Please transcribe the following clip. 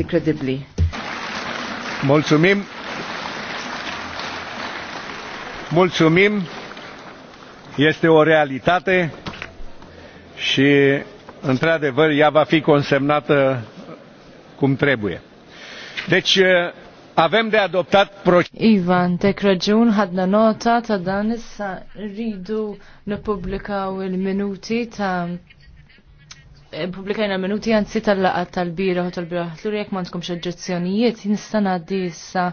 proġetti kredibbli. Mulzumim. Mulzumim. Este o realitate și, într-adevăr, ea va fi consemnată cum trebuie. Deci, avem de adoptat Ivan, tek raġun ħadna nota ta' dan ridu, rridu nippubblikaw il-minuti ta' publikajna minuti għanzi tal-laqa tal-bira u tal-bira. L-ur ma mandkom xaġġezzjonijiet, nista' ngħaddi issa